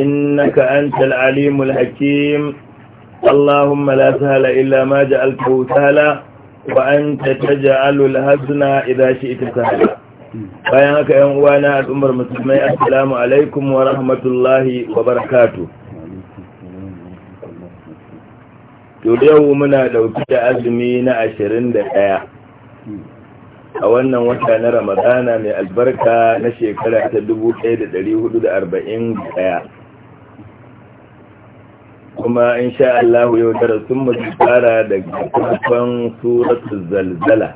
إنك أنت العليم الحكيم اللهم لا سهل إلا ما جعلته سهلا وأنت تجعل الهزن إذا شئت سهلا bayan haka yan uwana al'ummar musulmai assalamu alaikum wa rahmatullahi wa barakatu to yau muna dauki da azumi na ɗaya. a wannan wata na ramadana mai albarka na shekara ta ɗaya. kuma in sha Allah yau darasin mu fara daga farkon suratu zalzala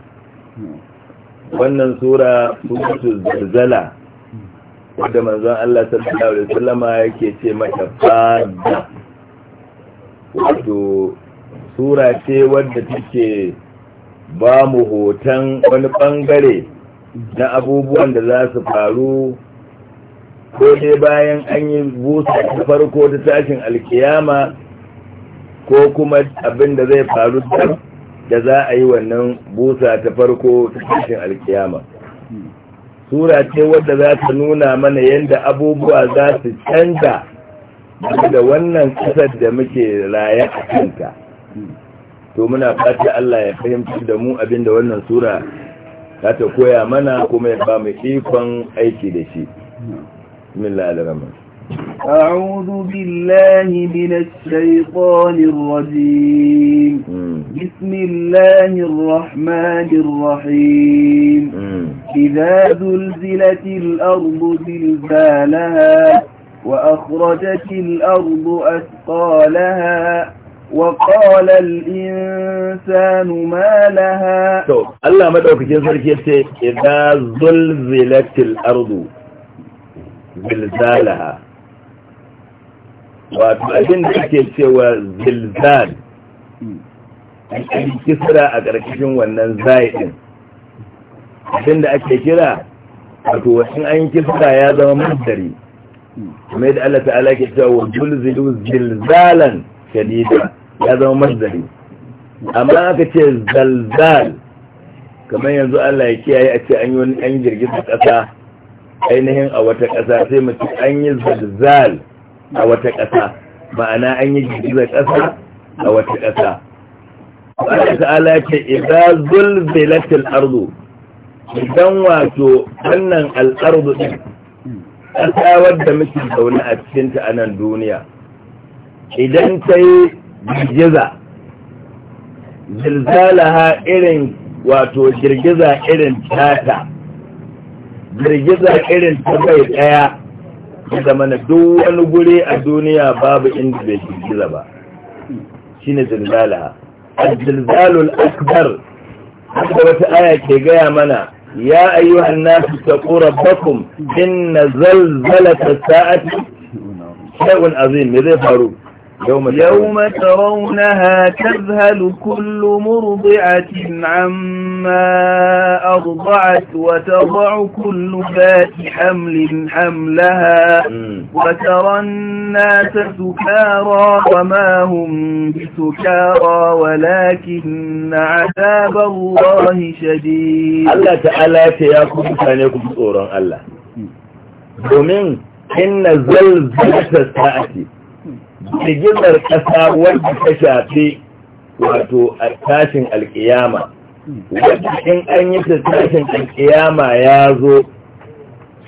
wannan sura suratu zalzala wadda manzon Allah sallallahu alaihi wasallama yake ce mata fada wato sura ce wadda take ba mu hoton wani bangare na abubuwan da za su faru ko dai bayan an yi busa ta farko ta tashin alkiyama ko kuma abin da zai faru da za a yi wannan busa ta farko ta tashin alkiyama sura ce wadda za ta nuna mana yadda abubuwa za su canza da wannan kasar da muke raye a kanta to muna fata Allah ya fahimci da mu abin da wannan sura za ta koya mana kuma ya ba mu ikon aiki da shi بسم الله الرحمن أعوذ بالله من الشيطان الرجيم بسم الله الرحمن الرحيم إذا زلزلت الأرض زلزالها وأخرجت الأرض أثقالها وقال الإنسان ما لها الله ما تقول كيف إذا زلزلت الأرض zilzalaha wato abinda ake cewa zilzal an kisra a ƙarƙashin wannan za'idin abin da ake kira wato wasu an kisra ya zama mandari. kuma yadda Allah ta'ala ke cewa wa zulzilu zilzalan shadida ya zama mandari. amma aka ce zalzal kamar yanzu Allah ya kiyaye a ce an yi wani an jirgin ƙasa ainihin a wata ƙasa sai mutum an yi zalzal a wata ƙasa ma'ana an yi girgizar ƙasa a wata ƙasa Allah ta'ala ce idza zulzilatil ardu idan wato wannan al'ardu din ƙasa wadda muke zaune a cikin ta anan duniya idan ta yi girgiza zilzalaha irin wato girgiza irin tata girgiza irin ta bai daya ya zama duk wani guri a duniya babu inda bai girgiza ba shine zilzala A zilzalul akbar haka wata aya ke gaya mana يا أيها الناس اتقوا ربكم إن زلزلة الساعة azim عظيم zai faru. يوم, يوم ترونها تذهل كل مرضعة عما أرضعت وتضع كل ذات حمل حملها وترى الناس سكارى وما هم بسكارى ولكن عذاب الله شديد الله تعالى تياكم ثانيكم سؤرا الله ومن إن زلزلة الساعة rigimar ƙasa wadda ta shafi wato a tashin alƙiyama wadda in an yi ta tashin alƙiyama ya zo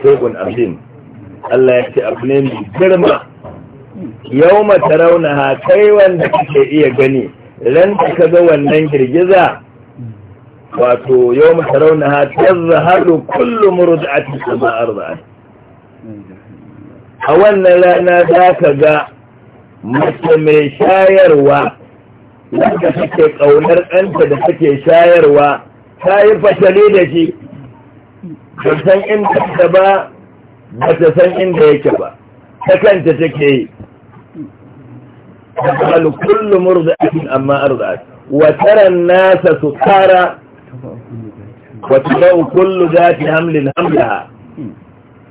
shekun abin Allah ya ce abu ne mai girma yau mata rauna ha kai wanda kake iya gani ran da ka ga wannan girgiza wato yau mata rauna ha ta zaharu kullum murda a cikin ma'ar a wannan rana za ka ga mace mai shayarwa wanda take ƙaunar ɗanta da take shayarwa ta yi fatali da shi ba san inda ta ba ba ta san inda yake ba ta kanta take yi ta kullum murzatin amma arzat wa taran nasa su kara wa tabau kullu zati hamlin hamlaha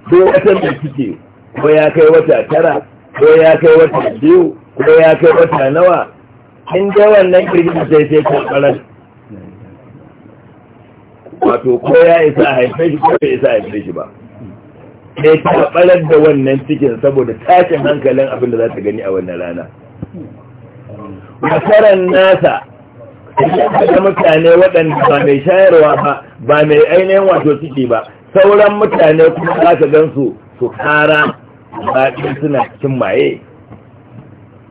ko wata mai kike ko ya kai wata tara ko ya kai wata biyu ko ya kai wata nawa in dai wannan kirgin sai sai karɓarar wato ko ya isa a haife shi ko bai isa a haife shi ba sai karɓarar da wannan cikin saboda tashin hankalin abin da za ta gani a wannan rana masarar nasa da mutane waɗanda ba mai shayarwa ba ba mai ainihin wato ciki ba sauran mutane kuma za ka gan su su kara baɗi suna cikin maye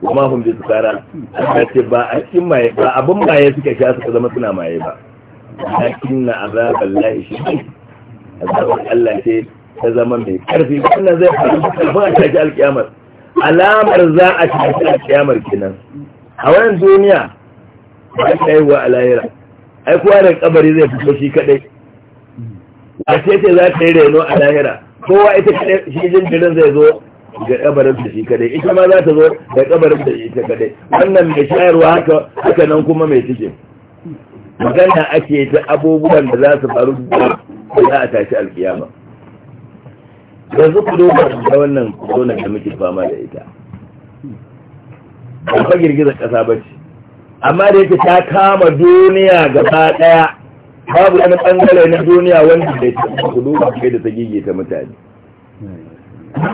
kuma hun bi sukara Allah ce ba a cikin maye ba abin maye suka sha suka zama suna maye ba lakin na azabar lahi shi azabar Allah ce ta zama mai karfi wannan zai faru kafin a shashi alkiyamar alamar za a shashi alkiyamar kenan a wannan duniya ba ta yi wa alayira ai kowa da kabari zai fito shi kadai a ce ce za ta yi reno a lahira kowa ita kaɗai shi jinjirin zai zo ga ƙabarin da shi kadai ita ma za ta zo ga ƙabarin da shi kadai wannan mai shayarwa haka haka nan kuma mai cike magana ake ta abubuwan da za su faru da za a tashi alkiyama yanzu ku duba da wannan zonar da muke fama da ita ba girgizar ƙasa ba ce amma da yake ta kama duniya gaba ɗaya. babu wani bangare na duniya wanda bai ta kudu ba kai da ta gige ta mutane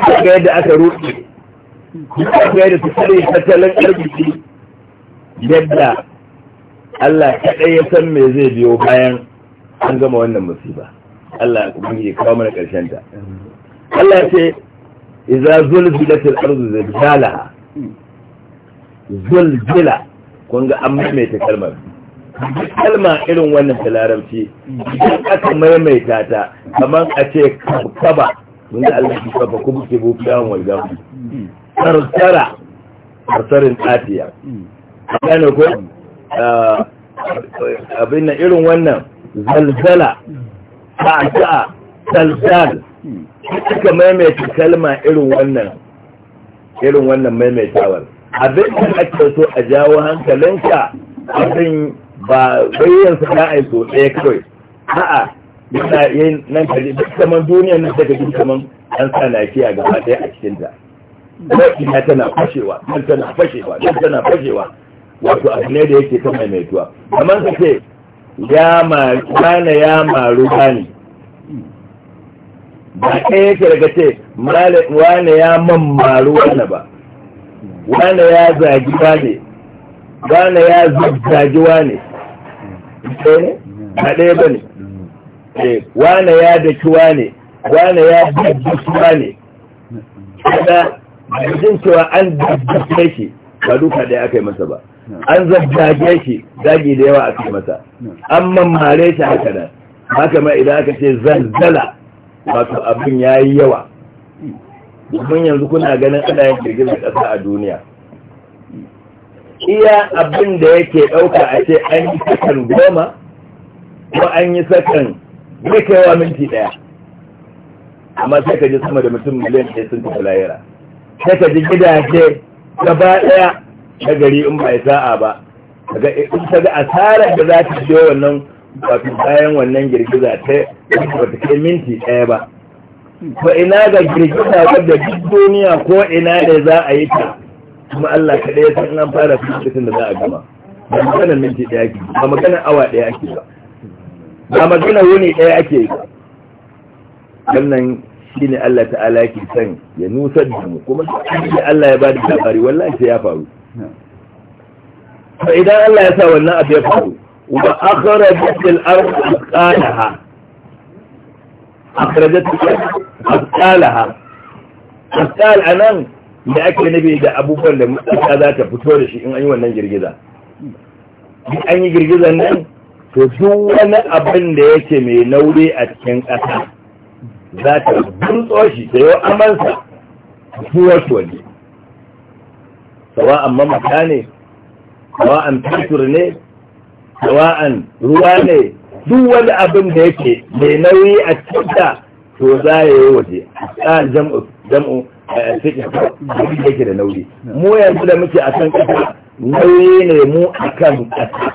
ga yadda aka ka ga yadda ta tsare tattalin arziki yadda Allah kaɗai ya san me zai biyo bayan an gama wannan musiba Allah ya kuma yi kawo mana ƙarshen ta Allah ce idza zulzilatil ardu zilzalaha zulzila kun ga an maimaita kalmar duk kalma irin wannan ta larabci idan aka maimaita ta kamar a ce kaba mun da Allah shi kaba kuma buke bu fiya wal ku sarsara sarsarin tafiya kana ko abin nan irin wannan zalzala ta'ata salsal suka maimaita kalma irin wannan irin wannan maimaitawar abin da ake so a jawo hankalinka abin ba bayyar su za a yi so ɗaya kawai a'a yana yin nan kaji duk zaman duniya nan daga duk zaman an sa lafiya gaba ɗaya a cikin ta ina tana fashewa nan tana fashewa nan tana fashewa wato abu ne da yake ta maimaituwa amma ka ce ya maru kana ya maru bani ba ɗaya yake daga ce wane ya man maru wane ba wane ya zagi wane wane ya zagi wane Eh? ɗaya ne ɗaya eh, ya daki wane ya jin cewa an dabbasu shi ba duka ɗaya aka yi masa ba an zaggage shi zagi da yawa aka yi masa an mammare shi haka nan haka ma idan aka ce zanzala wato abin ya yi yawa domin yanzu kuna ganin ana yin girgizar ƙasa a duniya iya abin da yake ɗauka a ce an yi sakan goma ko an yi sakan zai minti ɗaya amma sai ka ji sama da mutum miliyan ɗaya sun tafi layira sai ka ji gidaje gaba daya na gari in ba sa'a ba daga eh, in ta ga asarar da za ta biyo wannan wato bayan wannan girgiza ta ba ta kai minti ɗaya ba ko ina ga girgiza wadda duk duniya ko ina ne za a yi ta kuma Allah ka ɗaya san an fara lokacin da za a gama ba maganar minti ɗaya ake ba magana awa ɗaya ake ba ba magana wuni ɗaya ake ba wannan shi ne Allah ta'ala ke san ya nusa da mu kuma shi Allah ya ba da labari wallahi sai ya faru fa idan Allah ya sa wannan abu ya faru wa akhrajat al-ardh asqalaha akhrajat al-ardh asqalaha asqal anan da ake nabi da abubuwan da mutaka za ta fito da shi in an yi wannan girgiza in an yi girgizan nan to duk wani abin da yake mai nauyi a cikin ƙasa za ta burtso shi da yau amansa su waje sawa'an mamaka ne sawa'an fitur ne sawa'an ruwa ne duk wani abin da yake mai nauyi a cikin ta to za ya yi waje a jam'u Eh, yake da nauyi mu yanzu da muke a kan ƙasa nauyi ne mu a kan ƙasa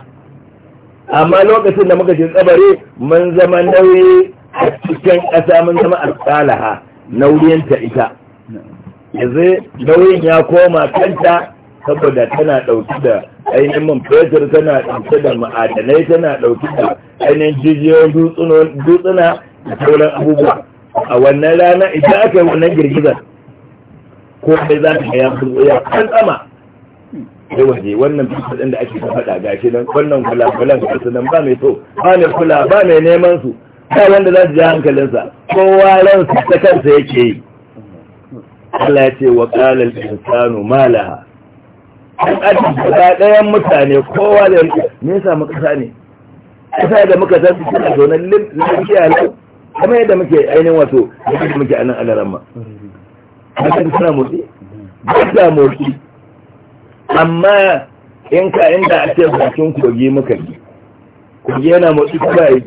amma lokacin da muka ce tsabari mun zama nauyi a cikin ƙasa mun zama a tsalaha nauyinta ita yanzu nauyin ya koma kanta saboda tana ɗauki da ainihin man fetur tana ɗauki da ma'adanai tana ɗauki da ainihin jijiyoyin dutsuna da sauran abubuwa a wannan rana idan aka yi wannan girgizar ko kai za ka haya sun ya kan sama Sai waje wannan bisu ɗin da ake faɗa shi nan wannan kulakulan su nan ba mai so ba mai kula ba mai neman su ba wanda za su ji hankalinsa kowa su ta kansa yake yi Allah ya ce wa qalal insanu malaha an adam da ɗayan mutane kowa da me yasa mu ƙasa ne kasa da muka san su tana zonan lafiya lau kamar yadda muke ainihin wato yadda muke a alaran ma hakan suna motsi ba sa motsi amma in ka inda a ce bakin kogi muka yi kogi yana motsi kuma yi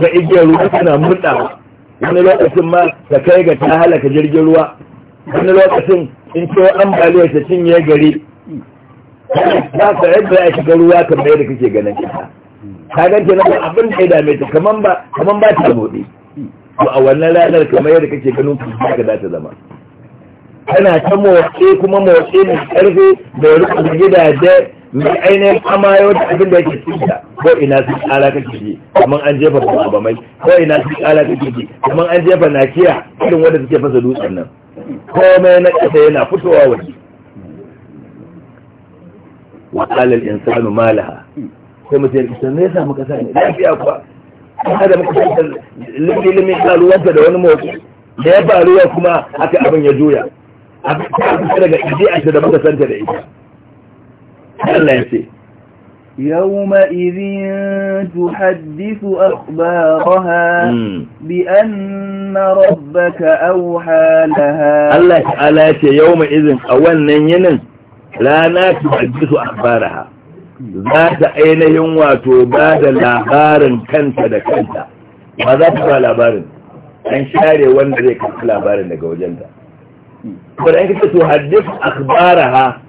ga igiyar ruwa suna mutsa wani lokacin ma ta kai ga ta halaka jirgin ruwa wani lokacin in ce ambaliyar ta cinye gari za ka yadda ya shiga ruwa kamar yadda kake ganin kasa ka ganta na abin da ya dame ta kaman ba ta motsi to a wannan ranar kamar yadda kake ganin kuma ka za ta zama Ana ta motsi kuma motsi mai karfi ya rufe da gidaje mai ainihin amayo da abin da yake tsinta ko ina sun tsara kake ji kamar an jefa babamai ko ina sun tsara kake ji kamar an jefa kiya irin wanda suke fasa dutsen nan komai na ƙasa yana fitowa waje wa alal insanu malaha sai mutum ya kisa ne ya samu ƙasa ne lafiya kuwa ta da muka shi limi-limin ƙaruwarsa da wani motsi da ya faruwa kuma haka abin ya juya a kusa daga ɗabi'a da muka santa da ita Allah ya ce يومئذ تحدث أخبارها بأن ربك أوحى لها الله تعالى يومئذ أولا ينن لا لا تحدث أخبارها ذات أينهم وتباد لابار كنت دكنت وذات لابار أن شاري وندري كنت لابار لك وجنت wadda ake ce to haddif akhbaraha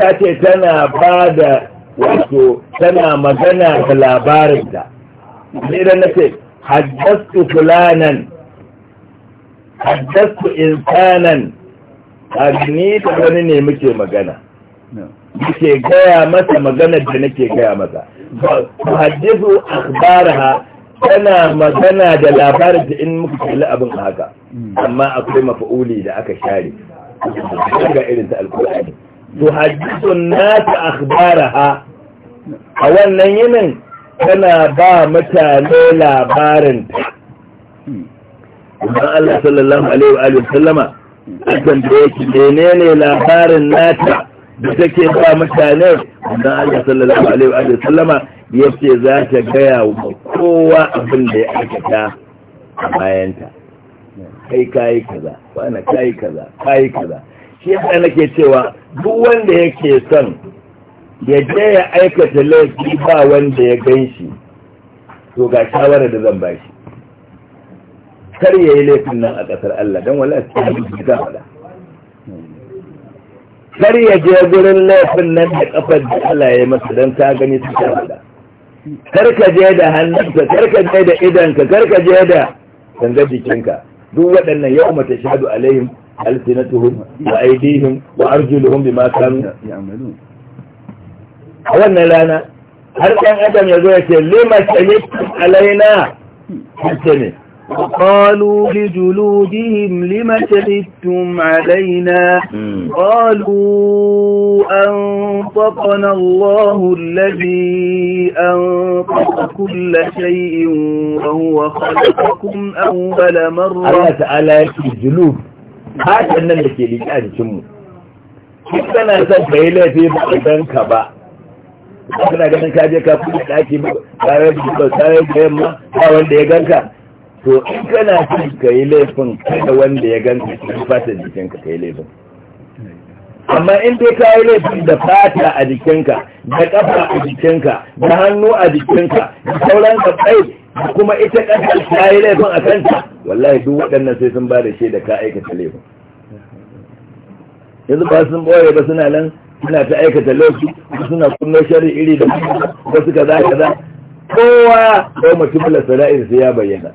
ta ce tana ba da wato tana magana da labarinta ne da na ce haddastu fulanan haddastu insanan a ni da wani ne muke magana muke gaya masa magana da nake gaya masa to haddisu akhbaraha tana magana da labarin da in muka kalli abin haka amma akwai mafa'uli da aka share ga irin ta alkur'ani to hadisun nata akhbaraha a wannan yinin tana ba mutane labarin ta Allah sallallahu alaihi wa sallama a tambaye shi menene labarin nata da take ba mutane wannan Allah sallallahu alaihi wa sallama ya ce za ta gaya wa kowa abin da ya aikata a bayanta kai kayi kaza wani kayi kaza kayi kaza shi yasa nake cewa duk wanda yake son ya je ya aikata laifi ba wanda ya gan shi to ga shawarar da zan bashi kar ya yi laifin nan a ƙasar Allah don wala su yi ta faɗa kar ya je gurin laifin nan da ƙafar da Allah ya masu don ta gani su ta faɗa karka je da hannunka karka je da idanka karka je da gangar jikinka duk waɗannan yau mata shahadu alaihim alsinatuhum wa aidihim wa arjuluhum ma kanu a wannan rana har ɗan adam ya zo ya ce lima shahidtum alaina hace ne وقالوا لجلودهم لم شهدتم علينا قالوا أنطقنا الله الذي أنطق كل شيء وهو خلقكم أول مرة الله تعالى يكي الجلود هذا أننا لكي لكان شمو kana son ka yi laifi ba a ɗan ka ba kana ganin ka je ka fi da ake ba tare da yamma ba wanda ya ganka to in kana son ka yi laifin kada wanda ya ganka cikin fata jikinka ka yi laifin amma in dai ka yi laifin da fata a jikinka da kafa a jikinka da hannu a jikinka da sauran kabai da kuma ita ƙasar ta yi laifin a kanta wallahi duk waɗannan sai sun ba da shaida ka aikata laifin yanzu ba sun ɓoye ba suna nan suna ta aikata laifi suna kunno shari iri da wasu kaza kaza kowa ko mutum la sara'ir sai ya bayyana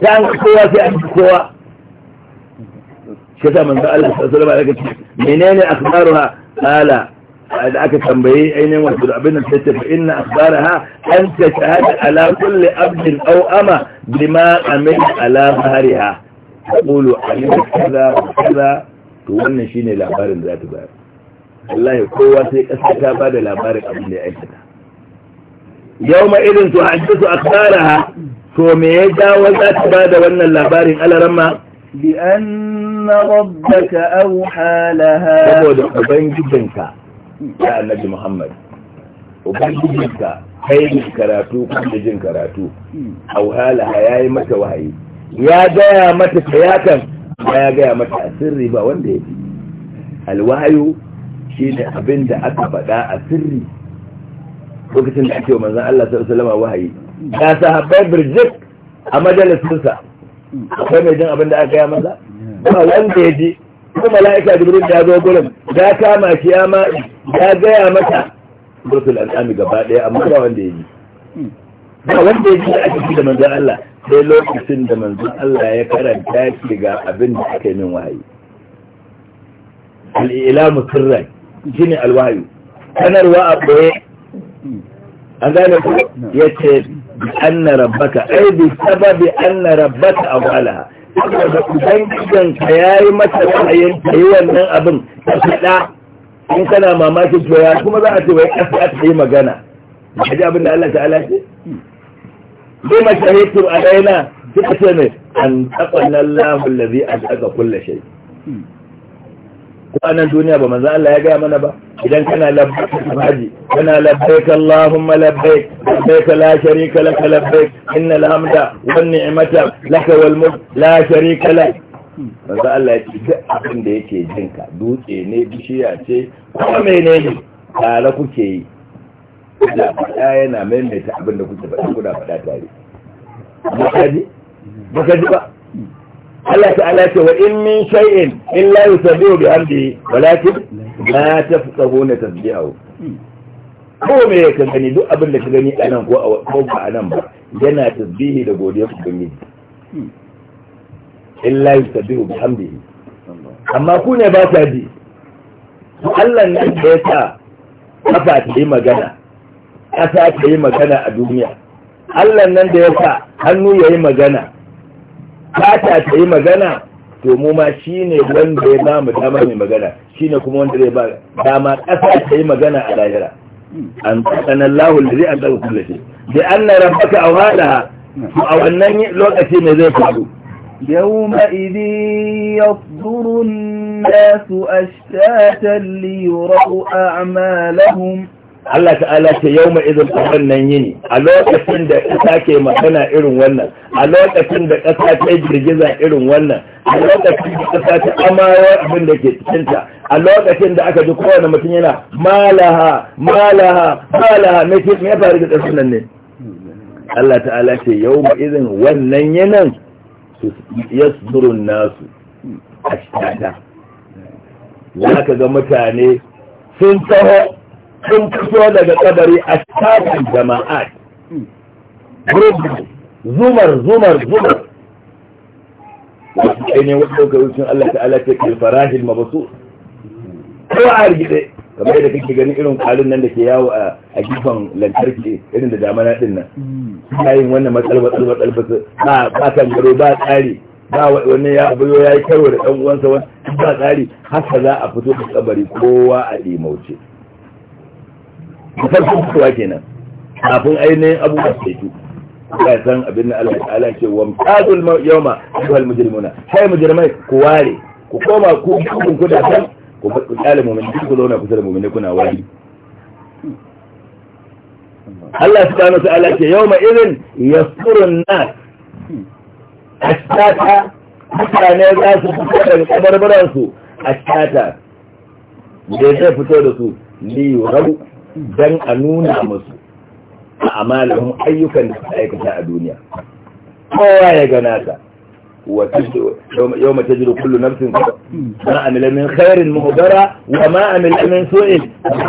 كان يعني قوة في أحد القوة شتى من قال الله عليك منين أخبارها قال لك تنبهي أين وصل عبدنا الحتة فإن أخبارها أن تشهد على كل أبد أو أما بما أمن على ظهرها تقول عليك كذا وكذا تقول نشين الأخبار ذات بار الله قوة في أستكابة لأخبار أبد أي يوم تحدث أخبارها to me ya jawo za ta ba da wannan labarin alarama لأن ربك أوحى halaha. saboda ubangijinka ya annabi Muhammad ubangijinka kai ne karatu kuma jin karatu auha laha yayi mata wahayi ya gaya mata tayakan ya gaya mata a sirri ba wanda ya yafi shi ne abin da aka faɗa a sirri lokacin da ake wa manzon Allah sallallahu alaihi wasallam wahayi ga sahabbai birjik a majalisinsa akwai mai jin abin da aka gaya masa ba wanda ya ji ko mala'ika jibril ya zo gurin ya kama shi ya ma ya gaya mata rusul al'ami gaba daya amma ba wanda ya ji ba wanda ya ji a cikin da manzon Allah sai lokacin da manzon Allah ya karanta shi ga abin da aka yi min wahayi al'ilamu sirran shine alwayu sanarwa a boye an gane ku ya ce bi anna rabbaka ai bi sababi anna rabbaka awalaha saboda ubangijin ka yayi mata ra'ayin ta yi wannan abin ta fada in kana mamaki to ya kuma za a ce wai kasa ta yi magana kaji abin da Allah ta'ala ce bi mashahidu alaina kika ce ne an taqalla Allahu allazi azaka kulli shay kwanan duniya ba manzo Allah ya gaya mana ba idan kana labbaik haji kana labbaik Allahumma labbaik labbaik la sharika lak labbaik innal hamda wan ni'mata lak wal mulk la sharika lak manzo Allah ya ce duk abin da yake jinka dutse ne bishiya ce kuma menene tare kuke yi da faɗa yana maimaita abin da kuke faɗa kuna faɗa tare ba ka ji ba Allah ta'ala ce wa in min shay'in illa yusabbihu bihamdihi walakin la tafqahuna tasbihu ko me ka gani duk abin da ka gani a nan ko a ba a nan ba yana tasbihi da godiya ku gani illa yusabbihu bihamdihi amma ku ne ba ta ji Allah nan da ya sa kafa ta yi magana ƙasa ta yi magana a duniya Allah nan da ya sa hannu ya yi magana fata ta yi magana to mu ma shi ne wanda ya ba mu dama mai magana shi ne kuma wanda zai ba dama ƙasa ta yi magana a lahira an tsanan lahul da zai an tsawo kullace da an na rabaka a wada a wannan lokaci ne zai faru يومئذ يصدر الناس أشتاتا ليروا أعمالهم Allah ta'ala ce yau ma izin wannan yini a lokacin da ƙasa ke magana irin wannan a lokacin da ƙasa ta girgiza irin wannan a lokacin da ƙasa ta amawa abin da ke cikinta a lokacin da aka ji kowane mutum yana malaha malaha malaha me ke ya faru da ƙasar nan ne Allah ta'ala ce yau ma izin wannan yanan surun nasu a shi ta za ka ga mutane sun taho sun fito daga kabari a cikin jama'a zumar zumar zumar wasu kai ne wasu ɗauka wucin Allah ta'ala ce ma basu ko a rigide kamar yadda kake ganin irin kalin nan da ke yawo a gifan lantarki irin da damana ɗin nan suna yin wannan matsal matsal matsal ba ba tangaro ba tsari ba wani ya abuyo ya yi karo da ɗan uwansa wani ba tsari haka za a fito da kabari kowa a ɗimauce da farkon fitowa kenan kafin ainihin abubuwa su yake ka san abin da Allah ta'ala ce wa mtazul yawma ayyuhal mujrimuna hay mujrimai ku ware ku koma ku kun ku da san ku fadu dalil mu'minin ku zauna kusa da mu'mini kuna wari Allah subhanahu wa ta'ala ce yawma idhin yasurun nas ashtata mutane za su fito daga kabarbaran su ashtata da zai fito da su li rabu don a nuna musu a amalin ayyukan da suka aikata a duniya kowa ya gana ta yau mace jiru kullu nafsin ma amila min khairin muhdara wa ma amila min su'in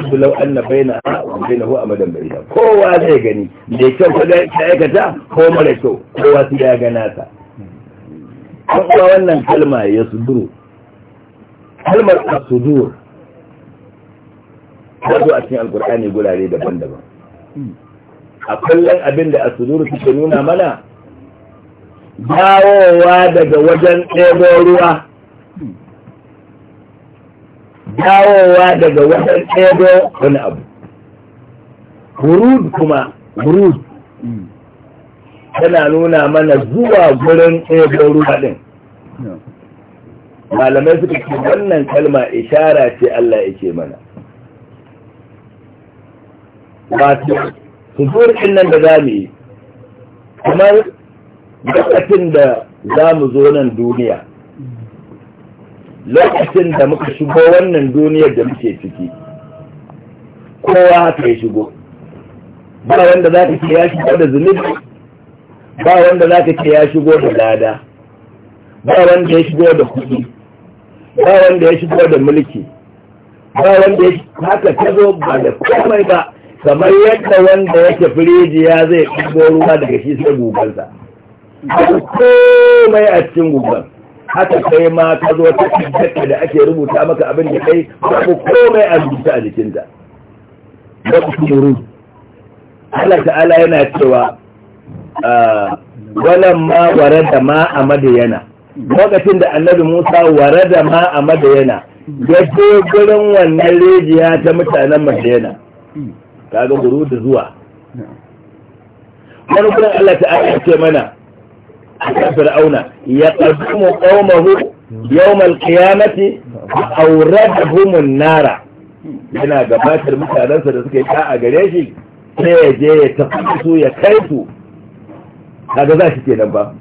su lau an na baina ha wa baina hu amadan baina kowa zai gani da kyau ka aikata ko mara kyau kowa su ya gana ta kuma wannan kalma ya suduru kalmar asudur ta zo a cikin alkur'ani gurare daban-daban a kullum abin da asuduru suke nuna mana dawowa daga wajen ɗebo ruwa dawowa daga wajen ɗebo wani abu hurud kuma hurud tana nuna mana zuwa gurin ɗebo ruwa ɗin malamai suka ce wannan kalma ishara ce Allah ya ce mana wato huzur ɗin nan da za mu yi kamar lokacin da za mu zo nan duniya lokacin da muka shigo wannan duniyar da muke ciki kowa haka ya shigo ba wanda za ka ce ya shigo da zunubi ba wanda za ka ce ya shigo da lada ba wanda ya shigo da kudi ba wanda ya shigo da mulki ba wanda ya haka ta zo ba da komai ba kamar yadda wanda yake firijiya zai ɗigo ruwa daga shi sai gugansa ko komai a cikin gugan haka kai ma ka zo ta cikin da ake rubuta maka abin da kai babu komai a rubuta a jikinta da kusururu Allah ta'ala yana cewa ah, wannan ma ware da ma a madayana lokacin da annabi musa ware da ma a madayana ya ce gurin wannan rijiya ta mutanen madayana kaga da zuwa wani kuma Allah ta ya ce mana fir'auna ya qaddamu qaumahu yawm al-qiyamati awradahum an-nara yana gabatar mutanensa da suka yi a gare shi sai ya je ya tafi su ya kai su kaga za shi kenan ba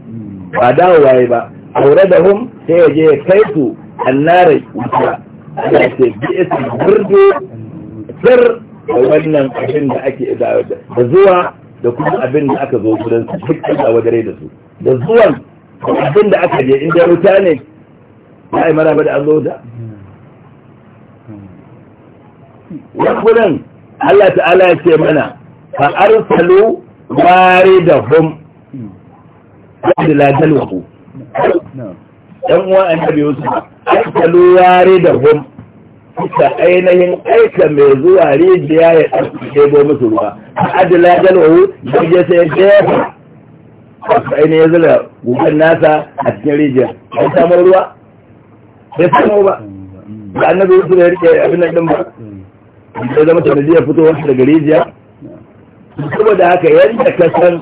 ba dawo waye ba awradahum sai ya je ya kai su annara wuta Allah ya ce bi'is birdu sir da wannan abin da ake da zuwa da kuma abin da aka zo gudan su dukkan a wadare da su da zuwan da abin da aka je inda wuta ne ya yi maraba da an zo da kudin Allah ta'ala ya ce mana fa arsalu da waridahum ladalwa ku Yan uwa annabi yusuf arsalu hum suka ainihin aika mai zuwa rijiya ya ɗarfi bo musu ruwa a ajiyar jalwahu don ya sai jefa wasu ainihin zira gugun nasa a cikin rijiya ya samu ruwa ya samu ba Ba da annabi su da ya rike abin nan ba ya zama fito wasu daga rijiya saboda haka yadda ka san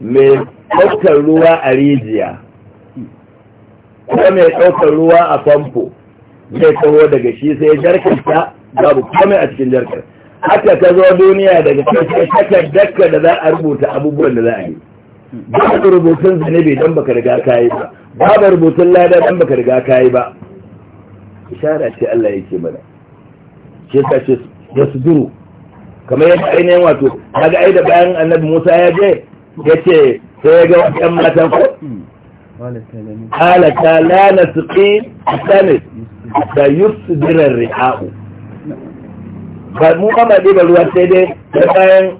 mai ɗaukar ruwa a rijiya ko mai ɗaukar ruwa a famfo zai kawo daga shi sai ta. babu kome a cikin jarkar haka ka zo duniya daga kai shakar dakka da za a rubuta abubuwan da za a yi babu rubutun zanibi don baka riga kayi ba babu rubutun lada don baka riga kayi ba ishara ce Allah yake mana ce ta ce ya duru kamar yadda ainihin wato daga aida bayan annabi Musa ya je ya ce sai ya ga wajen matan ko su ƙi a sanis da yusdirar ri'a'u ba mu kama ɗiba ruwa sai dai da bayan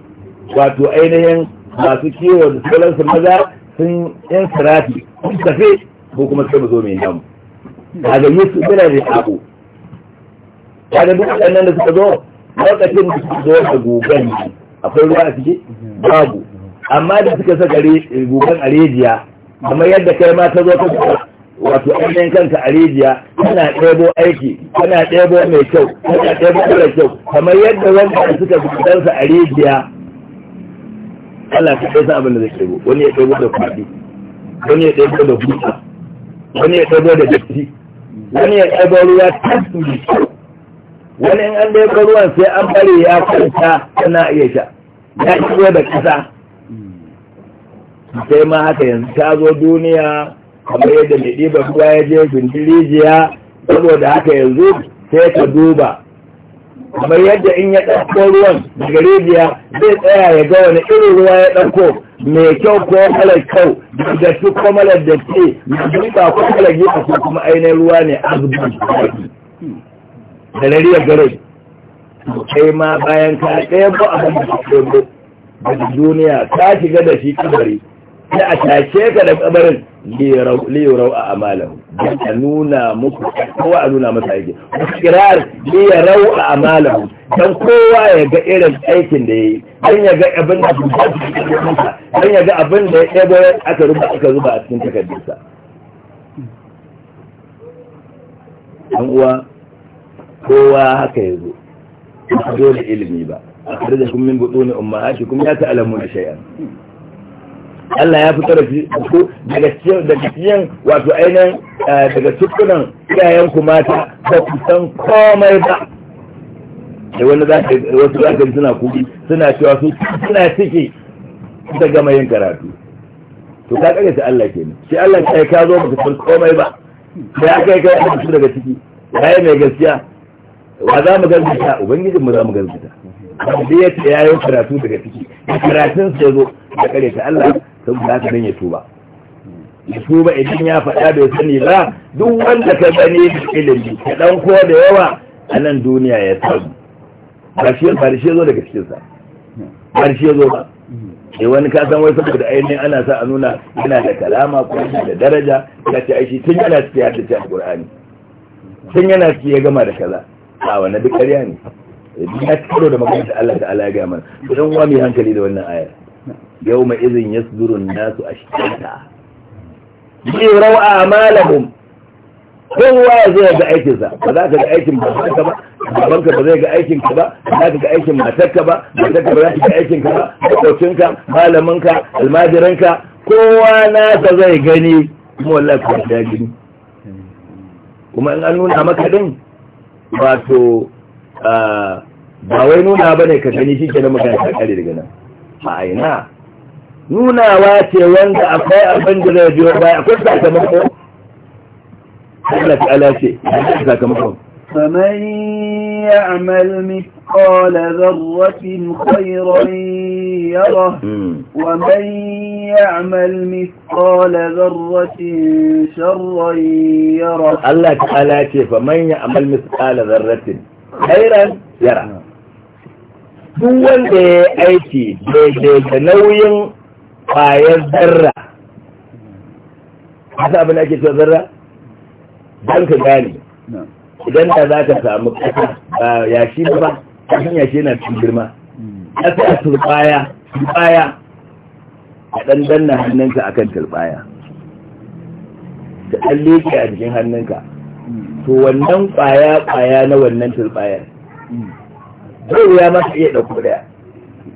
wato ainihin masu kiwo da sauransu maza sun yin sarafi sun tafi ko kuma sai mu zo mai namu daga yusdirar ri'a'u daga duk waɗannan da suka zo lokacin da suka zo da gugan akwai ruwa a ciki babu amma da suka saka gugan a rijiya kamar yadda kai ma ta zo ta wato ainihin kanka a rijiya kana ɗebo aiki Ana ɗebo mai kyau Ana ɗebo mara kyau kamar yadda wanda suka fitarsa a rijiya Allah ka ɗaya sa abinda zai ɗebo wani ya ɗebo da kwaɗi wani ya ɗebo da buɗa wani ya ɗebo da datti wani ya ɗebo ruwa ta tasiri wani in an ɗebo ruwan sai an bari ya kwanta tana iya sha ya ɗebo da ƙasa sai ma haka yanzu ta zo duniya kamar yadda mai ɗiba ruwa ya je gindin rijiya saboda haka yanzu sai ka duba kamar yadda in ya ɗauko ruwan daga rijiya zai tsaya ya ga wani irin ruwa ya ɗauko mai kyau ko malar kyau daga su ko malar da ce mai duba ko malar yi a su kuma ainihin ruwa ne azubi da rariya gare kai ma bayan ka ɗaya ba abin da su duniya ta shiga da shi kabari da a tashe ka da kabarin liyarau a amalahu da a nuna muku kowa a nuna masa aiki kirar liyarau a amalahu don kowa ya ga irin aikin da ya yi don ya ga abin da su don ya ga abin da ya bayan aka ruba aka ruba a cikin takardarsa don uwa kowa haka ya zo ba dole ilimi ba a kare da kuma min buɗo ne umma haki kuma ya ta'alamu da shay'an Allah ya fito da ku daga cikin daga cikin wato ainihin eh, daga tukunan iyayen ku mata da ku san komai ba da wani za ka wasu za suna kuɗi suna cewa su suna ciki da gama yin karatu to ka kage Allah Allah ni? shi Allah kai ka zo baka san komai ba sai aka yi kai su daga ciki yayi mai gaskiya wa za mu ta ubangijin mu za mu ta wanda ya ce yayin karatu daga ciki karatun sai zo da kare ta Allah saboda haka dan ya tuba ya tuba idan ya faɗa bai sani ba duk wanda ka gani da ilimi ka ɗan ko da yawa a nan duniya ya samu ba shi ba shi zo daga cikin sa ba shi zo ba sai eh, wani ka san wai saboda ainihin ana sa a nuna yana da kalama ko yana da daraja ka ce aishi tun yana cikin a alqur'ani tun yana cikin ya gama da kaza a wani duk ƙarya ne eh, ya karo da magana da Allah Allah ya gaya mana don wani hankali da wannan ayar yawma idhin yasduru an-nasu ashtata yurau a'malahum kowa zai ga aikinsa ba za ka ga aikin babanka ba babanka ba zai ga aikinka ka ba za ka ga aikin matarka ba matarka ba za ka ga aikinka ba makocinka malaminka almajiranka kowa nasa zai gani kuma wallahi kuma ta gini? kuma in an nuna maka din wato ah, ba wai nuna ba ne ka gani shi ke na magana ta kare daga nan ma'aina nunawa ce wanda akwai abin da zai biyo baya akwai sakamako Allah ta'ala ce sakamako فمن يعمل مثقال ذرة خيرا يره ومن يعمل مثقال ذرة شرا يره الله تعالى فمن يعمل مثقال ذرة خيرا يره duk wanda ya aiki daidai da nauyin ƙwayar zarra hasa abin ake cewa zarra don ka gane idan da za ka samu ƙasa ba yashi ba ba ƙasan yashi yana cikin girma hmm. ƙasa turbaya turbaya a ɗan danna hannunka a kan turbaya ta ɗan leke a jikin hannunka hmm. to wannan ƙwaya-ƙwaya na wannan turbayar hmm. zai ya masa iya ɗauko ɗaya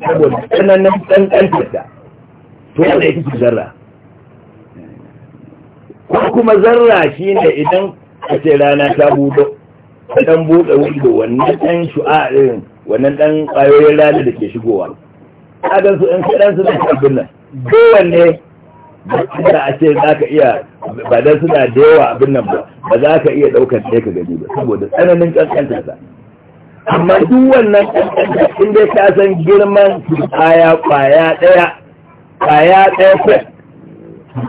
saboda tsananin ɗanɗantarsa to wanda ya fi zarra ko kuma zarra shi ne idan a ce rana ta buɗo ta ɗan buɗe wanda wannan ɗan shu'a ɗin eh, wannan ɗan ƙwayoyin rana da ke shigowa ɗan su ɗan kaɗan su zai sabbin nan kowanne da a ce za ka iya ba don suna da yawa abin nan ba ba za ka iya ɗaukar ɗaya ka gani ba saboda tsananin ƙanƙantar sa amma duk wannan ƙanƙantar inda dai ka san girman kaya ƙwaya ɗaya kaya ɗaya fes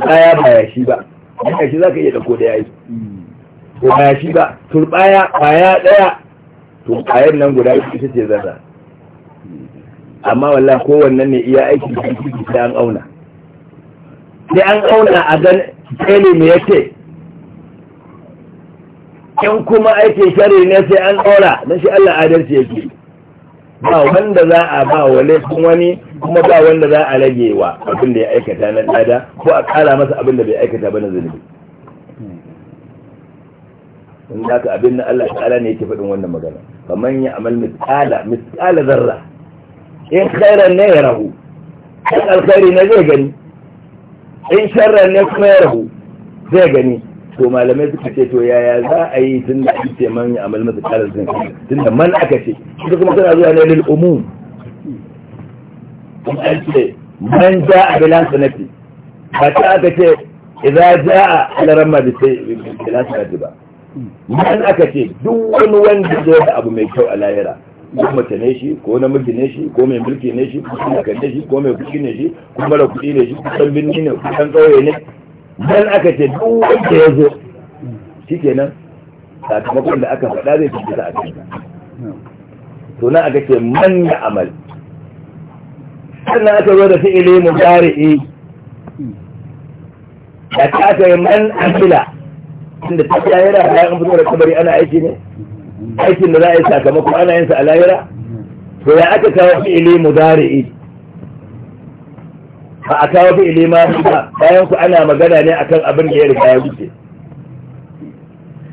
kaya ba ya shi ba ya shi za ka iya ɗauko da ya yi ko ba ya shi ba turɓaya kaya ɗaya to kayan nan guda ita ce zarra amma walla kowannan ne iya aikin da kiki sai an auna sai an auna a gan ne ya ce in kuma aikin shari ne sai an ƙaura, na shi Allah adalci yake ba wanda za a ba wa laifin wani kuma ba wanda za a rage wa abin da ya aikata na tsada ko a kara masa abin da bai aikata ba na zunubi in za ka abin da Allah ta'ala ne yake faɗin wannan magana kamar ya amal misƙala misƙala zarra in khairan ne ya rahu in alkhairi ne zai gani in sharran ne kuma ya rahu zai gani to malamai suka ce to yaya za a yi tun da ake man ya amal masa kalar zin tun da man aka ce ita kuma tana zuwa ne lil umum kuma an ce man ja a bilan sanati ba ta aka ce idan ja a alaran ma bilan sanati ba man aka ce duk wani wanda zo da abu mai kyau a lahira ko mace ne shi ko namiji ne shi ko mai mulki ne shi ko mai ne shi ko mai kuɗi ne shi ko mara kuɗi ne shi ko san binni ne ko san ƙauye ne dan aka ce duk wanda ya zo nan, sakamakon da aka faɗa zai tabbata a cikin to nan aka ce man ya amal sannan aka zo da fi'ili mubari'i da ta aka yi man amila inda ta fiya yana a yan fito da kabari ana aiki ne aikin da za a yi sakamakon ana yin sa a lahira to ya aka kawo fi'ili mudari'i ba a kawo fi ilima ba bayan ku ana magana ne akan abin da ya riga ya wuce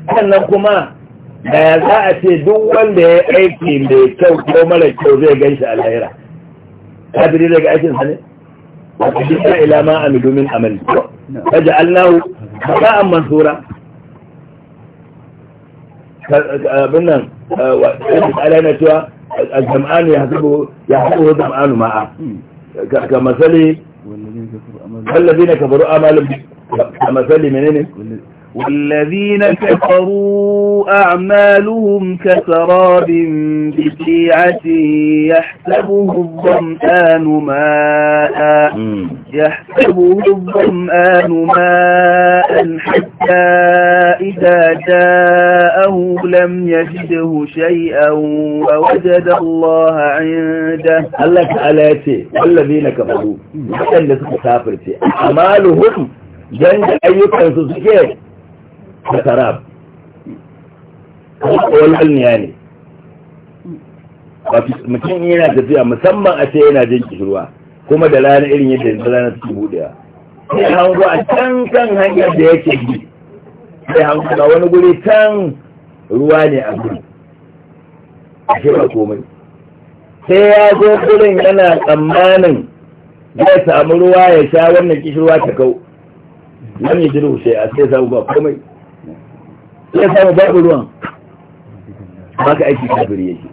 sannan kuma da ya za a ce duk wanda ya aiki mai kyau ko mara kyau zai gan shi a lahira kadiri daga aikinsa ne a cikin sa ilama a midumin amali ta ji allahu ba an mansura abin nan ala na cewa a jam'anu ya haɗu ya haɗu jam'anu ma'a ka masali ballazina kafaru amalin kama sali menene والذين كفروا أعمالهم كسراب بشيعة يحسبه الظمآن ماء يحسبه الظمآن ماء حتى إذا جاءه لم يجده شيئا ووجد الله عنده هل على شيء والذين كفروا مثل لسك شيء أعمالهم جنج أيضا سكيه da tarab wani ya ne mutum yana tafiya musamman a ce yana jin kishirwa kuma da rana irin yadda yanzu rana suke buɗewa sai hango a can kan hanyar da yake bi sai hango ga wani guri can ruwa ne a guri a shi ba komai sai ya zo gurin yana tsammanin zai samu ruwa ya sha wannan kishirwa ta kau nan ya ji rushe a sai samu ba komai ya samu babu ruwan ba ka aiki kafiri yake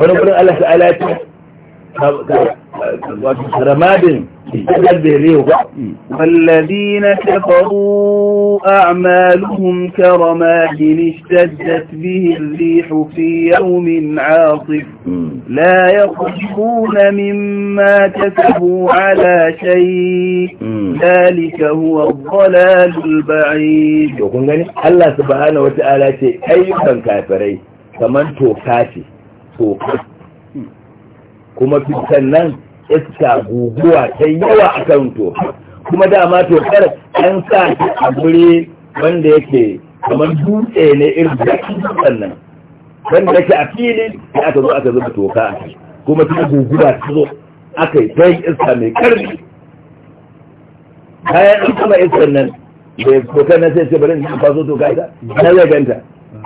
wani wurin Allah ta'ala رماد والذين كفروا أعمالهم كرماد اشتدت به الريح في يوم عاصف لا يخشون مما كسبوا على شيء ذلك هو الضلال البعيد الله سبحانه وتعالى أيها كافرين كمن توقاتي توقاتي كما في nan iska guguwa ta yawa a kan to kuma dama kar an sa shi a guri wanda yake kamar dutse ne irin da sannan wanda yake a fili da aka zo aka zuba toka a kai kuma ta guguwa ta zo aka yi ta iska mai karfi bayan an kama iskar nan da kan na sai ce bari na faso toka ita na zai ganta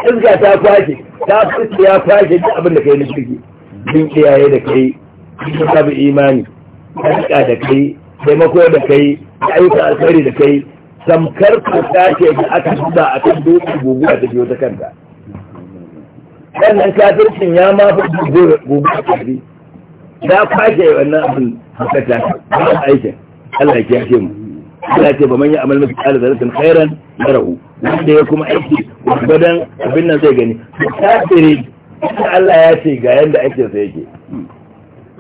iska ta kwashe ta fito ya kwashe duk abin da kai na shirki din iyaye da kai ka sabu imani ka da kai taimako da kai da ayyukan alkhairi da kai samkar kuta ce da aka zuba a kan doki gugu a biyo ta kanta wannan kafircin ya ma fi gugu a tafi ya kwashe wannan abin hakata ba aikin Allah ya ce mu Allah ce ba manya amal masu ƙara zarafin khairan na rahu wanda ya kuma aiki gudan abin nan zai gani kafiri Allah ya ce ga yadda aikinsa yake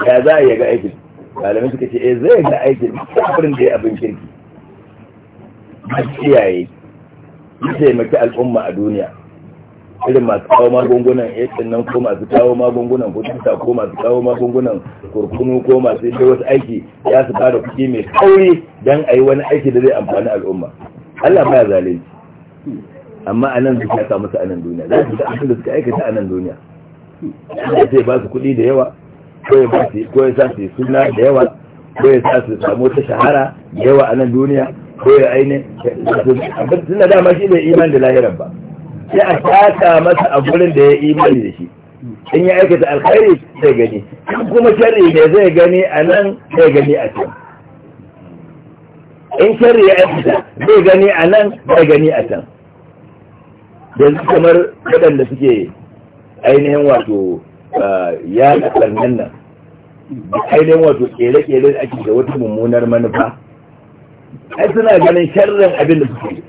ya za a yaga aikin malamai suka ce eh zai ga aikin kafirin da ya abin kirki masu iyaye ya taimaki al'umma a duniya irin masu kawo magungunan aikin nan ko masu kawo magungunan kututa ko masu kawo magungunan kurkunu ko masu yi wasu aiki ya su fara kuɗi mai kauri don a yi wani aiki da zai amfani al'umma allah ba ya zale amma a nan zuciya samu su a nan duniya za su ta abin da suka aikata a nan duniya ya ce ba su kuɗi da yawa ko ya ba ko ya suna da yawa ko ya sa samu ta shahara da yawa a nan duniya ko ya aine suna dama shi bai iman da lahiran ba sai a saka masa a gurin da ya imani da shi in ya aikata alkhairi zai gani in kuma sharri ne zai gani a nan zai gani a can in sharri ya aikata zai gani a nan zai gani a can yanzu kamar waɗanda suke ainihin wato ah, ya ƙasar nan ainihin wato kere-kere da ake da wata mummunar manufa ai suna ganin sharrin abin da suke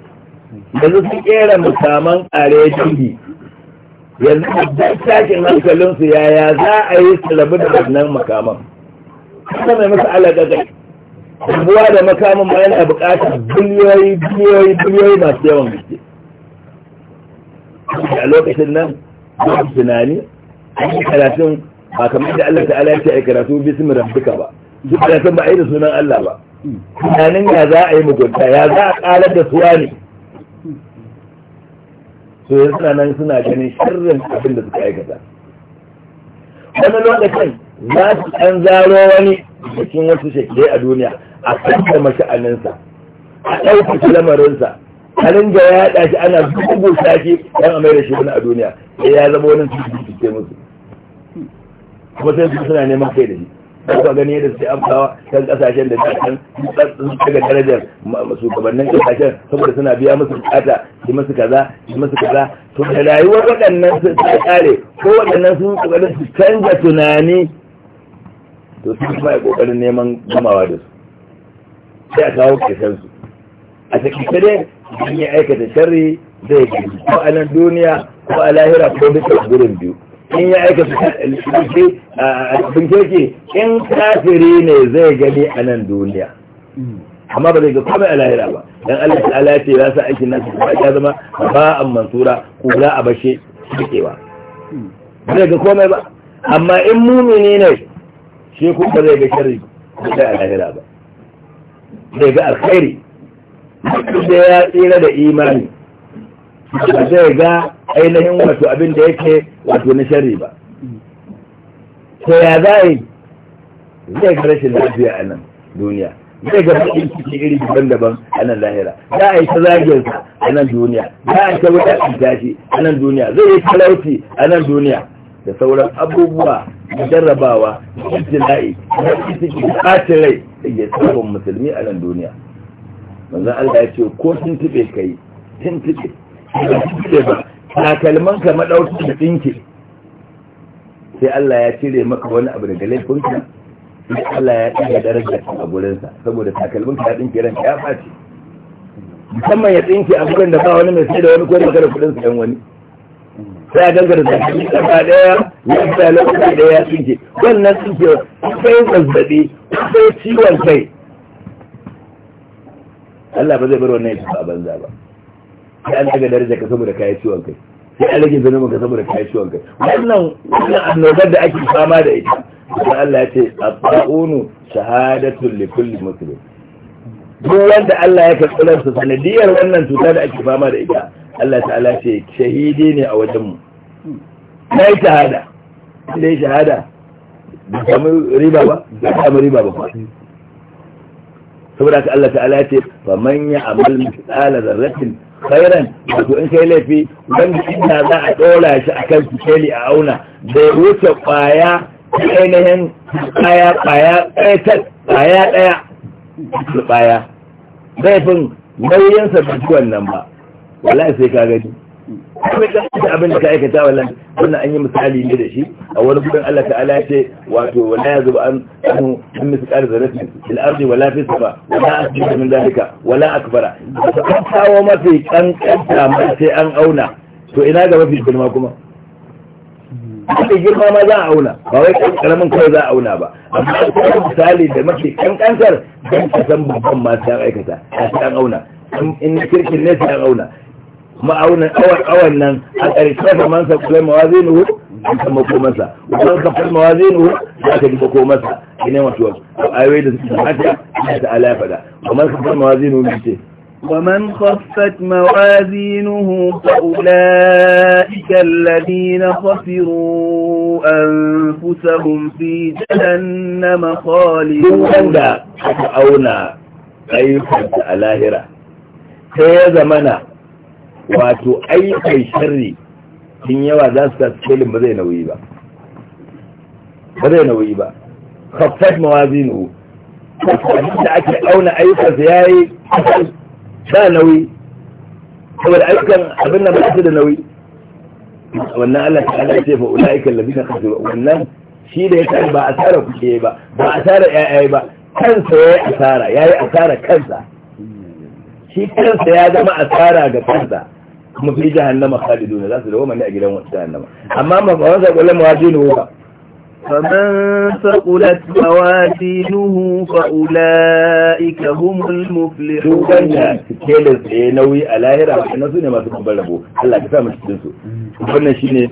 yanzu sun kera musamman kare jirgi yanzu da tashin hankalinsu yaya za a yi su rabu da wannan makaman kuma mai masu alaƙaƙa buwa da makaman ba yana buƙatar biliyoyi biliyoyi biliyoyi masu yawan gaske a lokacin nan ba tunani a yi karatun ba kamar da Allah ta'ala ya ce su bisu mu rabbuka ba duk da san ba yi da sunan Allah ba tunanin ya za a yi mugunta ya za a ƙalar da suwa ne so suna nan suna ganin shirin abin da suka aikata wani lokacin za su ɗan zaro wani cikin wasu shekidai a duniya a kanta masha'aninsa a ɗaukaki lamarinsa halin da ya haɗa shi ana dubu shafi ɗan amai da shi a duniya sai ya zama wani su ke musu kuma sai su suna neman kai da shi da su gani yadda sai amsawa kan kasashen da kan sun daga darajar gabanin kasashen saboda suna biya musu bukata yi musu kaza yi musu kaza to da rayuwar waɗannan sun ta kare ko waɗannan sun kokari su canza tunani to sun kuma kokarin neman gamawa da su sai a kawo kisan su a cikin dai idan ya aikata sharri zai gani ko a nan duniya ko a lahira ko duka gurin biyu in ya aika su abin in kafiri ne zai gani a nan duniya amma ba zai ga komai a lahira ba dan Allah ta'ala ce ya sa aikin nasu ba ya zama ba a mansura kula a bashe cikewa ba zai ga komai ba amma in mumini ne shi kuma zai ga shari da a lahira ba zai ga alkhairi da ya tsira da imani zai ga ainihin wato abin da yake wato na shari ba to ya za yi zai ga rashin lafiya a nan duniya zai ga rashin ciki iri daban-daban a nan lahira za a yi ta zagensa a nan duniya za a yi ta wuta tashi a nan duniya zai yi talauci a nan duniya da sauran abubuwa da jarrabawa da ibtila'i da ciki ɓacin rai da ke sabon musulmi a nan duniya manzan Allah ya ce ko tuntuɓe kai tuntuɓe ba tuntuɓe ba Na ka madauki da dinki sai Allah ya cire maka wani abu daga laifinka sai Allah ya ɗaga darajar a gurinsa saboda takalmin ka ya dinki ran ya faci musamman ya dinki a gurin da ba wani mai sai da wani ko da kada kudin wani sai a dangara da shi kafa daya ya fita lokaci da ya tsinke wannan ce sai zazzaɓi, sai ciwon kai Allah ba zai bar wannan ya ba a banza ba sai an daga daraja ka saboda kayan ciwon kai sai an rage zanen maka saboda kayan ciwon kai wannan wannan annobar da ake fama da ita sai Allah ya ce at-ta'unu shahadatun li kulli muslim duk wanda Allah ya karɓi ransa sanadiyar wannan cuta da ake fama da ita Allah ta'ala ce shahidi ne a wajen mu kai shahada sai shahada ba samu riba ba ba samu riba ba fa saboda Allah ta'ala ya ce faman ya amal mithqala dharratin khairan wato in kai laifi wanda inda za a ɗora shi a kan sikeli a auna ya wuce ƙwaya ta ainihin ƙwaya ƙwaya ɗaya ƙwaya ɗaya ƙwaya laifin nauyinsa ba ciwon wannan ba wallahi sai ka gani kuma kan da abin da ka aikata wallan wannan an yi misali ne da shi a wani gudun Allah ta'ala ce wato wala ya zuba an anu an misqal zarati fil ardi wala fi sama wala asjud min dalika wala akbara ka kawo mafi kankanta mai sai an auna to ina ga mafi girma kuma mafi girma ma za a auna ba wai karamin kawai za a auna ba amma akwai misali da mafi kankantar don ka san babban ma sai an aikata a sai an auna in kirkin ne sai an auna ma'aunin awan awan nan a ƙarshen ka man sa kulai mawazinuhu an san makomansa wajen ka kulai mawazinuhu za ka ji makomansa ina wasu wasu ayoyi da suke haka ina ta ala fada kamar ka kulai mawazinuhu ne ce ومن خفت موازينه فأولئك الذين خسروا أنفسهم في جهنم خالدون أونا أيها الألاهرة هي زمنا wato aikai sharri sun yawa za su tafi kelin ba zai nauyi ba ba zai nauyi ba kafat mawazinu kafin da ake auna ayyukansa ya yi ba nauyi saboda ayyukan abin da ba su da nauyi wannan Allah ta ala ce fa ulaikan na khasiru wannan shi da ya yake ba asara kuke ba ba asara yayi ba kansa ya yi asara ya yi asara kansa shi kansa ya zama asara ga kansa kuma fi jahannama khaliduna za su da ne a gidan jahannama amma mafawan waje mawazinu ba فمن ثقلت موازينه فأولئك هم المفلحون nauyi a lahira wannan ne masu babban rabo Allah ka sa mu cikin wannan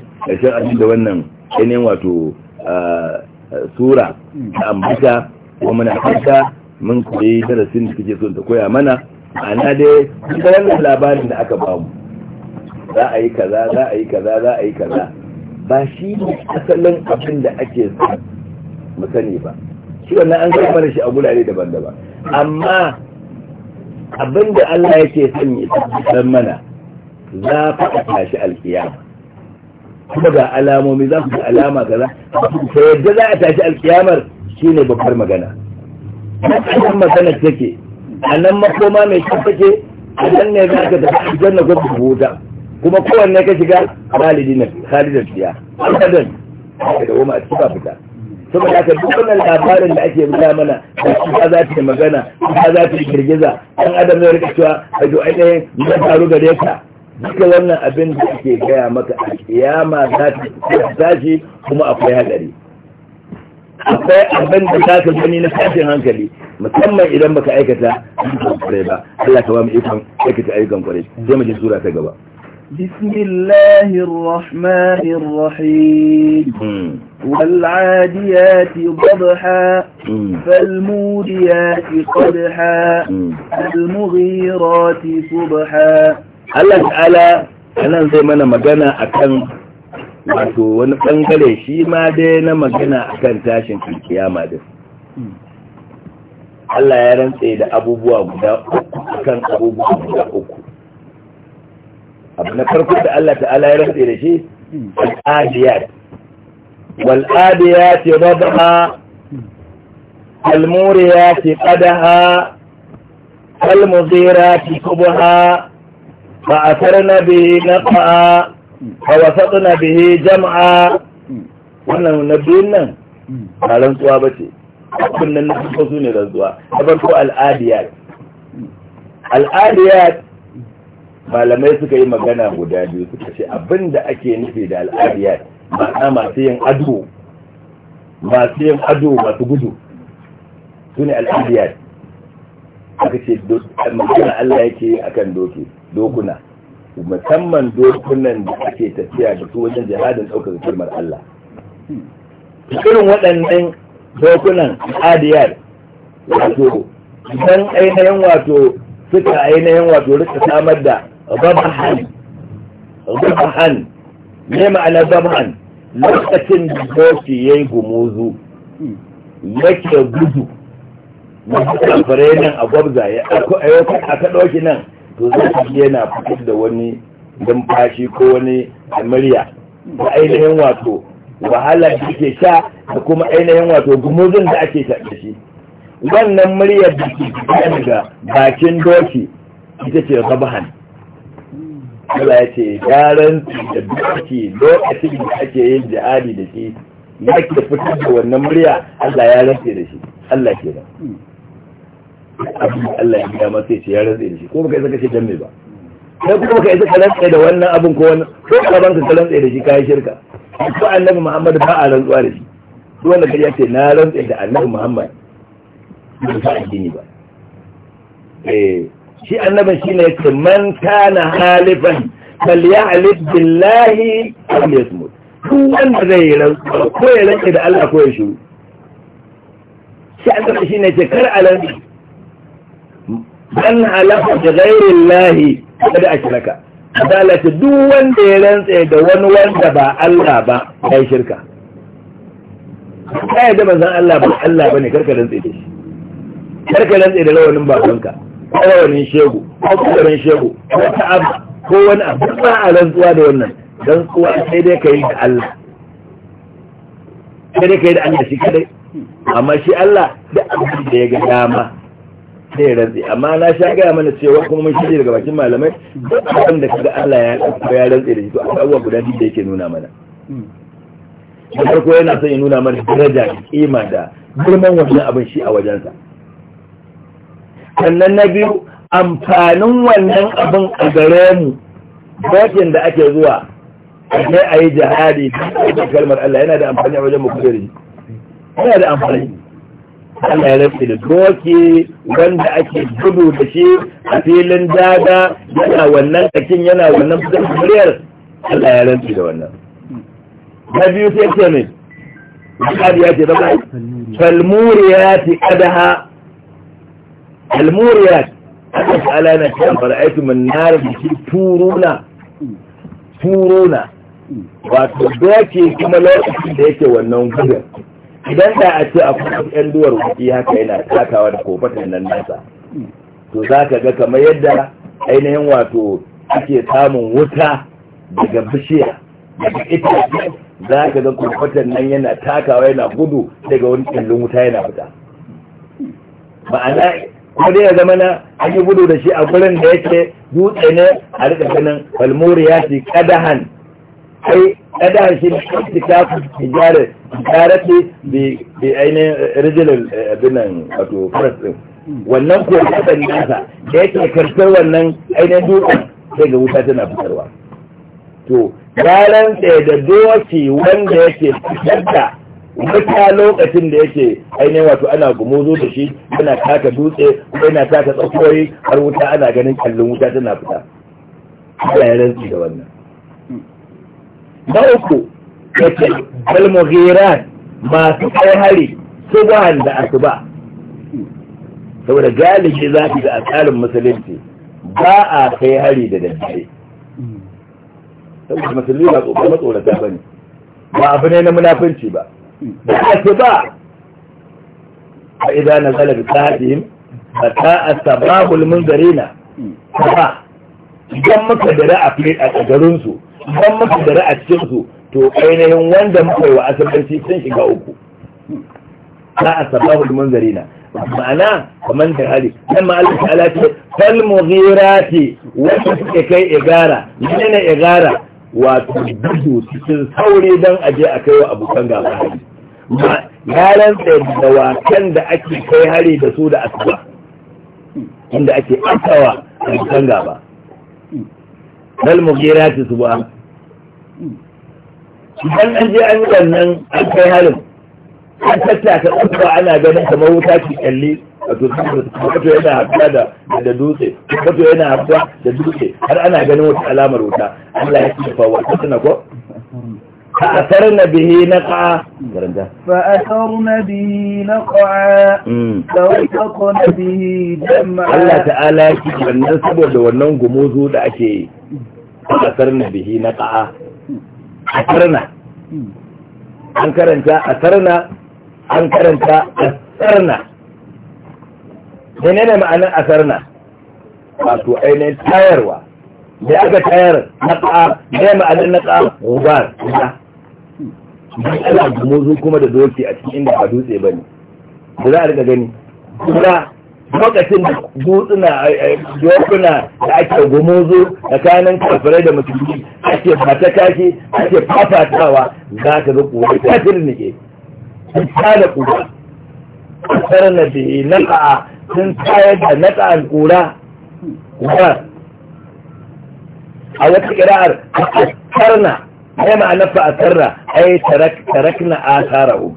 abin da wannan ainihin wato sura ta ambata wa mana haka mun koyi darasin da kike so ta koya mana ana dai kun labarin da aka bamu za a yi kaza za a yi kaza za a yi kaza ba shi ne asalin abin da ake mu sani ba shi wannan an kai mana shi a gurare daban-daban amma abin da Allah yake son ya tabbatar mana za ka shi alkiyama kuma ga alamomi za ku ga alama kaza ta yadda za a tashi alkiyamar shine babbar magana wannan magana take a nan makoma mai kyau take a nan ne za ka tafi aljanna ko ku huta kuma kowanne ka shiga walidina khalidan fiya abadan da goma a cikin fita saboda haka duk wannan labarin da ake buga mana da kuma za ta magana kuma za ta yi girgiza dan adam zai rika cewa a jo ainihin na faru gare ka duka wannan abin da ake gaya maka a kiyama za ta tashi kuma akwai hadari akwai abin da za ka gani na tashin hankali musamman idan baka aikata ayyukan kwarai ba Allah ka ba mu ikon aikata ayyukan kwarai sai mu ji sura ta gaba بسم الله الرحمن الرحيم والعاديات ضبحا فالموديات قدحا المغيرات صبحا Allah ta'ala anan zai mana magana akan wato wani bangare shi ma dai na magana akan tashin kiyama din Allah ya rantse da abubuwa guda uku kan abubuwa guda uku abu na farko da Allah ta'ala ya rantse da shi al'adiyat والآديات ضبها الموريات قدها المغيرات كبها فأثرن به نقعا فوسطن به jama'a. wannan nabiyin nan a rantsuwa ba ce abin nan na su ne rantsuwa ta farko al'adiyar al'adiyar malamai suka yi magana guda biyu suka ce abin da ake nufi da al'adiyat ma'ana masu yin ado masu yin ado masu gudu su ne al'adiyat aka ce magana Allah yake akan doki dokuna musamman dokunan da ake tafiya da su wajen jihadin ɗaukar kalmar Allah irin waɗannan dokunan al'adiyat wato idan ainihin wato suka ainihin wato rika samar da zabahan zabahan ne ma'ana zabahan lokacin da doki ya yi gumuzu yake gudu masu fure nan a gwabza ya aka ɗauki nan to zai yana fitar da wani numfashi ko wani murya da ainihin wato wahala da ake sha da kuma ainihin wato gumuzin da ake sha shi wannan muryar da ke daga bakin doki ita ce zabahan Allah ya ce yaran da dukki lokacin da ake yin jihadi da shi ya ke fitar da wannan murya Allah ya rantse da shi Allah ke da abin Allah ya gaya masa ya ce ya rantse da shi ko baka isa kace dan me ba sai kuma baka isa ka rantse da wannan abin ko wannan ko ka ban ka rantse da shi kai shirka ko annabi Muhammad ba a rantsuwa da shi duk wanda kai ya ce na rantse da annabi Muhammad ba ka addini ba eh shi annabin shi ne ce man kana halifan falyahlif billahi am yasmut duk wanda zai yi rantsuwa ko ya rantsa da Allah ko ya shiru shi annabin shi ne ce kar a man halafa da ghairi llahi kada ashraka adalata duk wanda ya rantsa da wani wanda ba Allah ba ya shirka kai da manzon Allah ba Allah bane karka rantsa da shi karka rantsa da rawanin babanka ko shegu ko shegu ko abu ko wani abu ba a rantsuwa da wannan rantsuwa sai dai ka yi da Allah sai dai ka yi da Allah shi kadai amma shi Allah da abin da ya ga dama sai rantsi amma na sha gaya mana cewa kuma mun shirya daga bakin malamai duk abin da kaga Allah ya ɗauka ya rantsi da shi to abubuwa guda biyu da yake nuna mana da farko yana son ya nuna mana daraja kima da girman wannan abin shi a wajensa sannan na biyu amfanin wannan abin a gare mu bakin da ake zuwa sai a yi jihadi da kalmar Allah yana da amfani a wajen mukuliri yana da amfani Allah ya rafi da doki wanda ake gudu da shi a filin dada yana wannan ɗakin, yana wannan fitar kuriyar Allah ya rafi da wannan na biyu sai ce mai ya ce zama falmuriya ti adaha al-muriyat Allah ta'ala na cewa fara'aitu min nar bi turuna turuna wato doke kuma lokacin da yake wannan gudun idan da a ce akwai yan duwar wuki haka yana takawa da kofatan nan nasa to za ka ga kamar yadda ainihin wato ake samun wuta daga bishiya daga itace za ka ga kofatan nan yana takawa yana gudu daga wani kallon wuta yana fita ma'ana wani ya zama na an yi gudu da shi a gurin da yake dutse ne a rika ganin ya ce kadahan kai kadahan shi ne kwanci kafin hijarar hijarati bi ainihin rijilar eh, abinan wato faras din wannan ko kasan nasa da yake karkar wannan ainihin dutsen sai ga wuta tana fitarwa to ya rantse da doki wanda yake fitar mata lokacin da yake ainihin wato ana zo da shi yana taka dutse yana taka tsakoyi har wuta ana ganin kallon wuta tana fita Allah ya rantsi da wannan na uku yake balmughiran masu kai hari subahan da ba. saboda galibi za su ga asalin musulunci ba a kai hari da daddare saboda musulmi ba matsorata ba ne ba abu ne na munafunci ba da asuba fa idza nazala bi sahatihim fa ta'a sabahul munzarina ba idan muka dare a fili a garin idan muka dare a cikinsu to ainihin wanda muka yi wa asibiti sun shiga uku ta'a sabahul munzarina ma'ana kamar da hali nan ma Allah ta'ala mu fal mughirati wanda suke kai igara menene igara wato gudu cikin sauri don aje a kai wa abokan gaba hari ya rantsa da wakan da ake kai hari da su da asuba inda ake asawa abokan gaba bal mugira ta suba idan an je an wannan an kai harin an tattaka tsakwa ana ganin kamar wuta ke kyalle wato wato yana da dutse wato har ana ganin wata alamar wuta Allah ya kifa wa tana ko به نقعا فأثرن به نقعا فوثقن به جمعا الله تعالى wannan saboda wannan gumuzu da ake yi به نقعا أثرنا an karanta asarna an karanta asarna menene ma'anar asarna wato ainihin tayarwa da aka tayar na ƙa da ma'anar na ƙa gubar Ina. don ala gumuzu kuma da doki a cikin inda ba dutse ba ne da za a riga gani kuma lokacin dutsuna yokuna da ake gumuzu tsakanin kafirai da a ake fata a ake fafatawa za ta zo kuwa ta tirnike ta da kuwa tsarar na biyu na ƙa'a sun tsaye da naka alƙura wa a wata ƙira'ar a na. ai ma'ana fa a tarna ai na a hu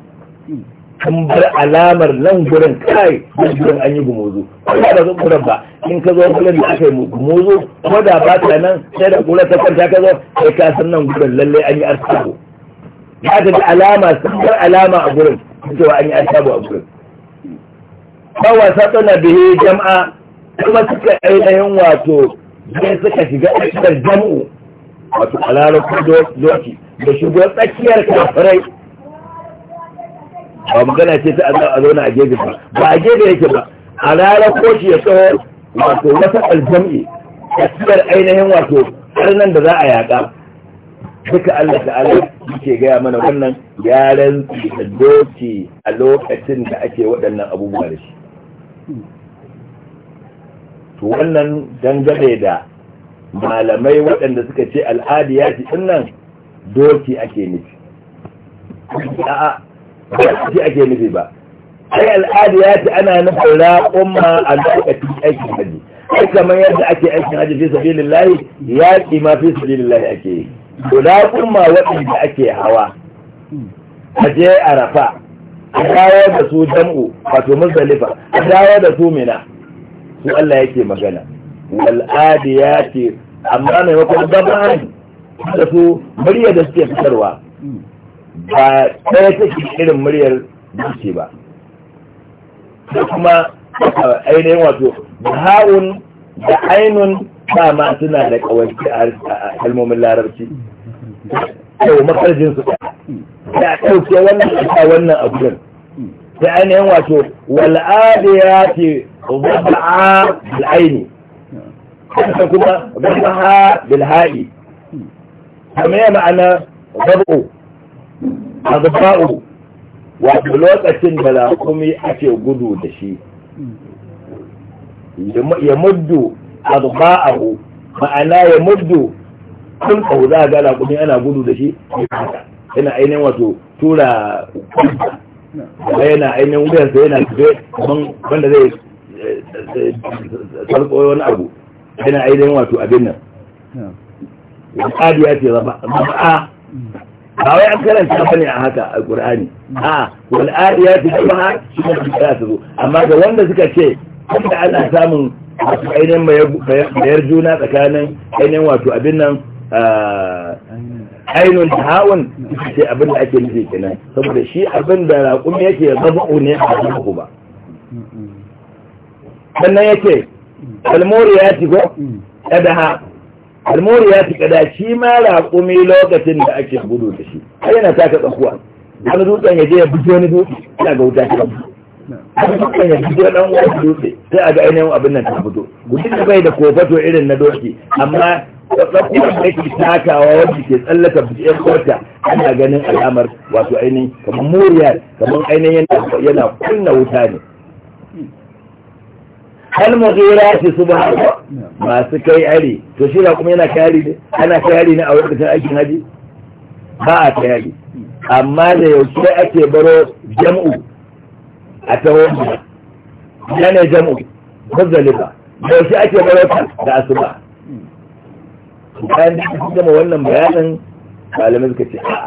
kan bar alamar nan gurin kai da gurin an yi gumozo ko da ba zo gurin ba in ka zo gurin da aka yi gumozo ko da ba ta nan sai da gurin ta kwanta ka zo sai ka san nan gurin lalle an yi arsabu ya ga alama sun bar alama a gurin cewa an yi arsabu a gurin bawa na bihe jama'a kuma suka ainihin wato zai suka shiga tsakiyar jam'u wato alarukun doki da shigo tsakiyar kafirai ba magana ce ta a zauna a gefe ba ba a gefe yake ba a ranar shi ya tsawo wato wata aljam'i a cikin ainihin wato karnan da za a yaƙa duka Allah ta'ala yake gaya mana wannan yaren rantsi da doki a lokacin da ake waɗannan abubuwa da shi to wannan dangane da malamai waɗanda suka ce ci ɗin nan doki ake nufi a'a ba ake nufi ba ai ya ci ana nufin ma a lokacin aikin haji ai kamar yadda ake aikin haji fi ya yaƙi ma fi layi ake yi to ma waɗanda ake hawa a je arafa a dawo da su jam'u wato muzdalifa a dawo da su mina su Allah yake magana ya ce, amma ne wata dabani da su murya da suke fitarwa ba ɗaya take irin muryar dace ba da kuma ainihin wato ha'un da ainun dama suna da kawai a kalmomin larabci kyau makarjin su ta ɗauke wannan a wannan abin ta ainihin wato wal'adiya ce zaba'a bil'aini ta kuma zaba'a bil'ha'i kamar yana ma'ana zaba'u a zaba'u wato lokacin da rakumi ake gudu da shi ya muddu a zaba'ahu ma'ana ya muddu kun kawo za a gada kudin ana gudu da shi yana ainihin wato tura yana ainihin wuyansa yana tafe kaman wanda zai eh, sarko wani abu yana ainihin wato abin nan ya ce raba'a ba wai an karanta ba ne a haka a ƙur'ani a wal'adi ya ce raba'a shi ne da su zo amma ga wanda suka ce kuma ana samun wato ainihin mayar juna tsakanin ainihin wato abin nan ainihin hawan ce abin da ake nufi kenan saboda shi abin da raƙum yake zaba ne a cikin ba sannan yake ya ci kadaha ci kada shi ma raƙumi lokacin da ake gudu da shi ai yana taka tsakuwa wani dutsen ya je ya buge wani dutse ina ga wuta kira wani dutsen ya buge dan wani dutse sai a ga ainihin abin nan ta fito gudun da bai da kofato irin na doki amma da tsakuwar da ke takawa wanda ke tsallaka biyar kota ana ganin alamar wato ainihin kamar muriyar kamar ainihin yana kunna wuta ne hal mazira ce su ba masu kai ari, to shi kuma yana kayari ne ana kayari ne a lokacin aikin haji ba a kayari amma da yaushe ake baro jam'u a tawon ne jam'u muzdalifa da yaushe ake baro ta da asuba bayan da su gama wannan bayanin malamai suka ce a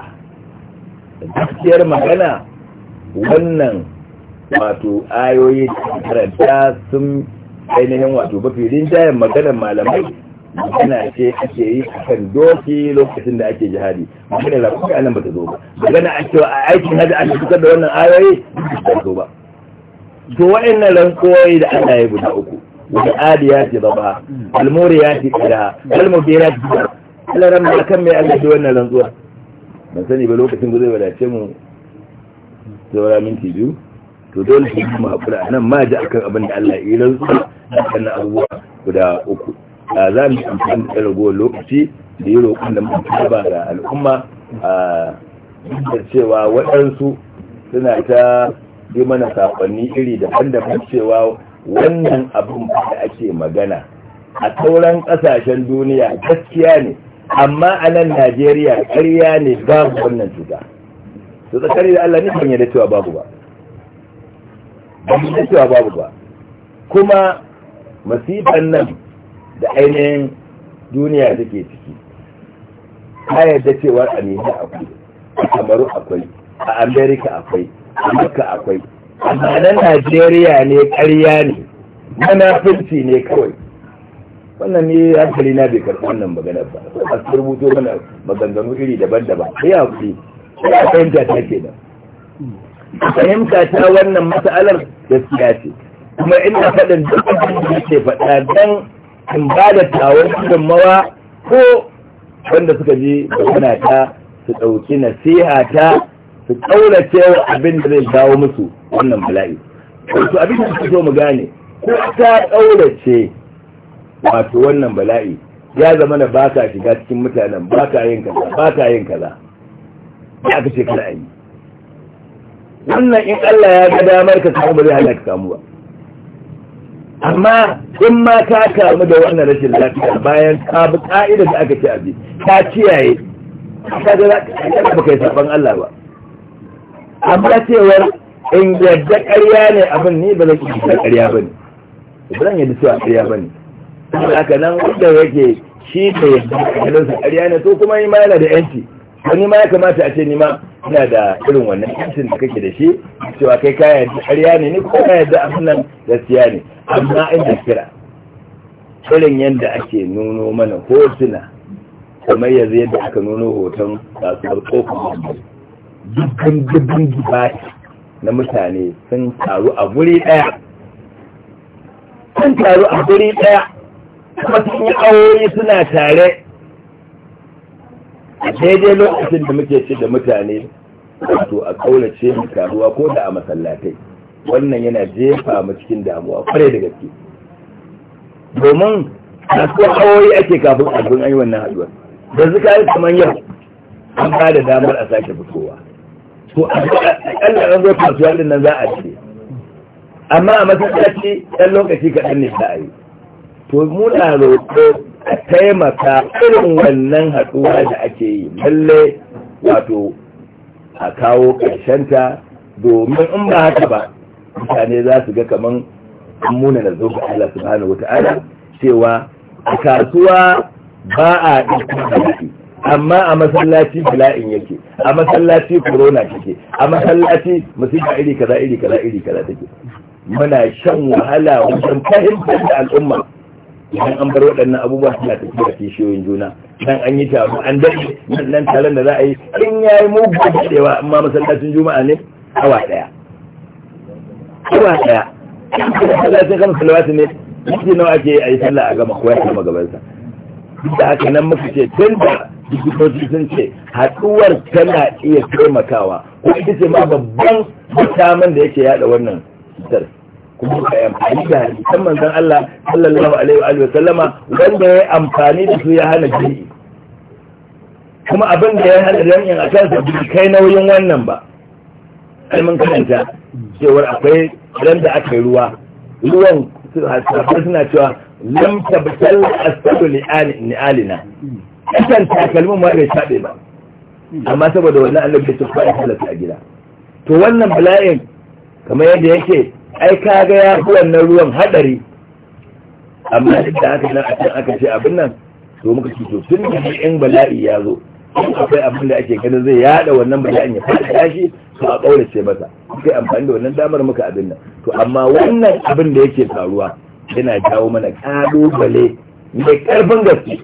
gaskiyar magana wannan wato ayoyi karanta sun ainihin wato filin jayen maganar malamai magana ce ake yi a kan doki lokacin da ake jihadi magana da kuka nan ba ta zo ba magana a cewa a aikin hada ake fitar da wannan ayoyi ba ta zo ba to waɗannan rantsuwoyi da ana yi guda uku adi ya Almori ya ce الموريات كلها ya ce Allah ran da kan mai Allah shi wannan rantsuwa ban sani ba lokacin guzai wadace mu saura minti biyu to dole su kuma hakura nan ma ji akan abin da Allah ya rantsuwa kan abubuwa guda uku a za mu amfani da ragowar lokaci da yi roƙon da mutum ba ga al'umma a da cewa waɗansu suna ta yi mana saƙonni iri daban-daban cewa wannan abin da ake magana a sauran ƙasashen duniya gaskiya ne amma a nan najeriya ƙarya ne babu wannan cuta su tsakari da allah nufin yadda cewa babu ba ba cewa babu ba kuma masifan nan da ainihin duniya suke ciki ta yadda cewar a akwai a kamaru akwai a amerika akwai a makka akwai amma na najeriya ne karya ne munafurci ne kawai wannan ne hankali na bai karɓi wannan magana ba a su rubuto mana maganganu iri daban-daban sai a fi sai a fahimta ta ke nan fahimta ta wannan matsalar gaskiya ce kuma ina faɗin duk abin da ce faɗa don in ba da tawar gudunmawa ko wanda suka ji magana ta su ɗauki nasiha ta su kaurace wa abin da zai dawo musu wannan bala'i wato abin da suke so mu gane ko ta kaurace wato wannan bala'i ya zama ba baka shiga cikin mutanen baka yin kaza baka yin kaza ya ka ce a yi wannan in Allah ya ga damar ka samu ba zai hana ka samu ba amma in ma ka kamu da wannan rashin lafiya bayan ka bi ka'idar da aka ce abi ka kiyaye ka ga za ba kai saban Allah ba amma cewar in yadda ƙarya ne abin ne ba zai da ƙarya ba ne ba zan yadda cewa ƙarya ba ne haka nan wanda yake shi ne yadda ƙarya ƙarya ne to kuma ni ma yana da yanci wani ma ya kamata a ce ni ma ina da irin wannan yancin da kake da shi cewa kai ka yadda ƙarya ne ni kuma ka yadda abin nan gaskiya ne amma da kira irin yadda ake nuno mana hotuna kamar yanzu yadda aka nuno hoton kasuwar kofar dukkan gidan gibati na mutane sun taru a guri ɗaya sun taru a guri ɗaya kuma sun yi awoyi suna tare a daidai lokacin da muke ce da mutane wato a kaulace mu taruwa ko da a masallatai wannan yana jefa mu cikin damuwa kware da gaske domin a kasuwar awoyi ake kafin abin ayi wannan haduwar da zuka yi kamar yau an ba da damar a sake fitowa to a an zo kasuwa din nan za a ce amma a masallaci ɗan lokaci kaɗan ne za a yi to muna roƙo a taimaka irin wannan haɗuwa da ake yi lalle wato a kawo ta domin in ba haka ba mutane za su ga kaman muna na zo ga Allah subhanahu wata'ala cewa a kasuwa ba a ɗin kuma amma a masallaci bala'in yake a masallaci corona take a masallaci musiba iri kaza iri kaza iri kaza take muna shan wahala wajen fahimtar da al'umma idan an bar waɗannan abubuwa suna tafi da kishiyoyin juna nan an yi taro an daɗe nan taron da za a yi in ya yi mugun daɗewa amma masallacin juma'a ne awa ɗaya awa ɗaya masallacin kan salawatu ne yake nawa ake yi a yi sallah a gama ko ya kama gabansa da haka nan muka ce tun da likitoci sun ce haɗuwar tana iya taimakawa ko ita ce ma babban mutamin da yake yada wannan cutar kuma ka amfani da hadisan manzon Allah sallallahu alaihi wa sallama wanda ya amfani da su ya hana jini kuma abin da ya hana jami'in a sa bai kai nauyin wannan ba mun karanta cewar akwai ran da aka yi ruwa ruwan su suna cewa lam tabtal asfadu alina kasan takalmin ma bai sabe ba amma saboda wannan annabi ta a halatta a gida to wannan bala'in kamar yadda yake ai ka ga ya fi wannan ruwan hadari amma duk da haka nan a can aka ce abin nan to muka ci to tun da in bala'i ya zo akwai abin da ake ganin zai yada wannan bala'in ya fara tashi to a ce masa kai amfani da wannan damar muka abin nan to amma wannan abin da yake faruwa yana jawo mana kalubale mai karfin gaske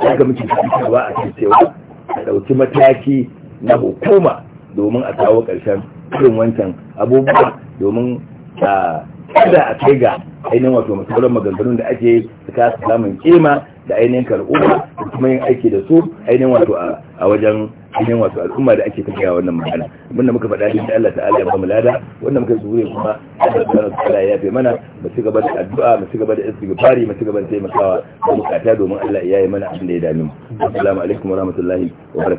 daga muke cewa a cikin cewa a ɗauki mataki na hukuma domin a kawo ƙarshen irin wancan abubuwa domin a ah, kada a kai ga ainihin wato matsalar maganganun da ake su kasa samun kima da ainihin karɓuwa da kuma yin aiki da su ainihin wato a wajen ainihin wato al'umma da ake tafiya wannan magana abinda muka faɗa da Allah ta'ala ya bamu lada wanda muka zure kuma Allah subhanahu ta'ala ya fi mana mu ci gaba da addu'a mu ci gaba da istighfari mu ci gaba da taimakawa da bukata domin Allah ya yi mana abin da ya dame mu assalamu alaikum wa rahmatullahi wa barakatuh